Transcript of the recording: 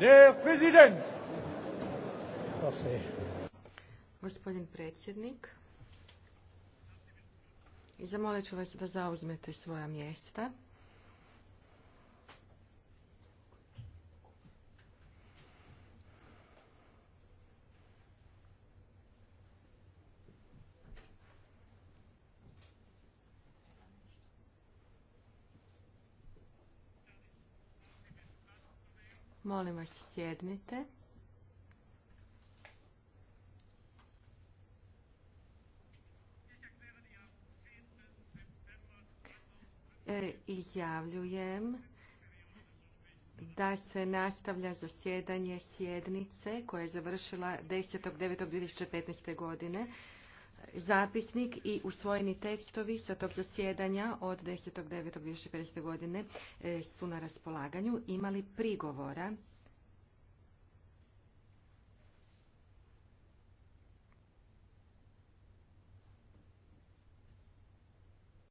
Der Präsident. Gospodin predsjednik. Zamolit ću vas da zauzmete svoja mjesta. Molim vas sjednite. E, izjavljujem da se nastavlja zasjedanje sjednice koja je završila 10.9.2015. godine. Zapisnik i usvojeni tekstovi sa tog zasjedanja od 10.9.2015. godine e, su na raspolaganju. Imali prigovora?